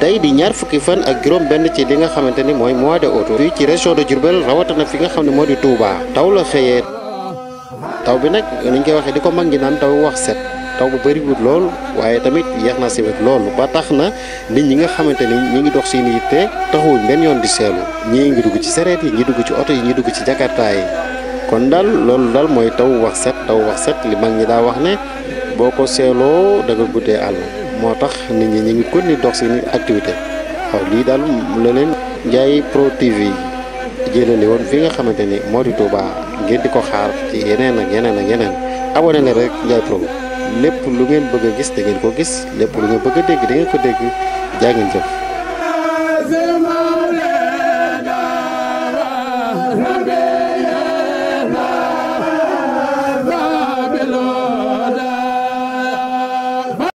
day di ñaar fukki fan ak juroom benn ci li nga xamanteni ni mooy mois de août fii ci région de Diourbel rawatina fi nga xam ne moo di Touba taw la xëyee taw bi nag niñ koy waxee di ko mag naan taw wax set taw bu wut lool waaye tamit yeex na si lool ba tax na nit ñi nga xamante ni ñi ngi dox seen yitte taxuwuñ benn yoon di seelu ñii ngi dugg ci sereet yi ñi dugg ci oto yi ñi dugg ci jakarta yi kon dal loolu dal mooy taw wax set taw wax set li mag ñi wax ne boo ko seeloo da nga guddee àll moo tax nit ñi ñu ngi kon ni dox seen activité waaw lii daal la leen Ndiaye Pro TV jëlale woon fi nga xamante ni moo di Touba ngir di ko xaar ci yeneen ak yeneen ak yeneen abonné rek Ndiaye Pro lépp lu ngeen bëgg a gis te ngeen ko gis lépp lu ngeen bëgg a dégg da ko dégg jaa ngeen jëf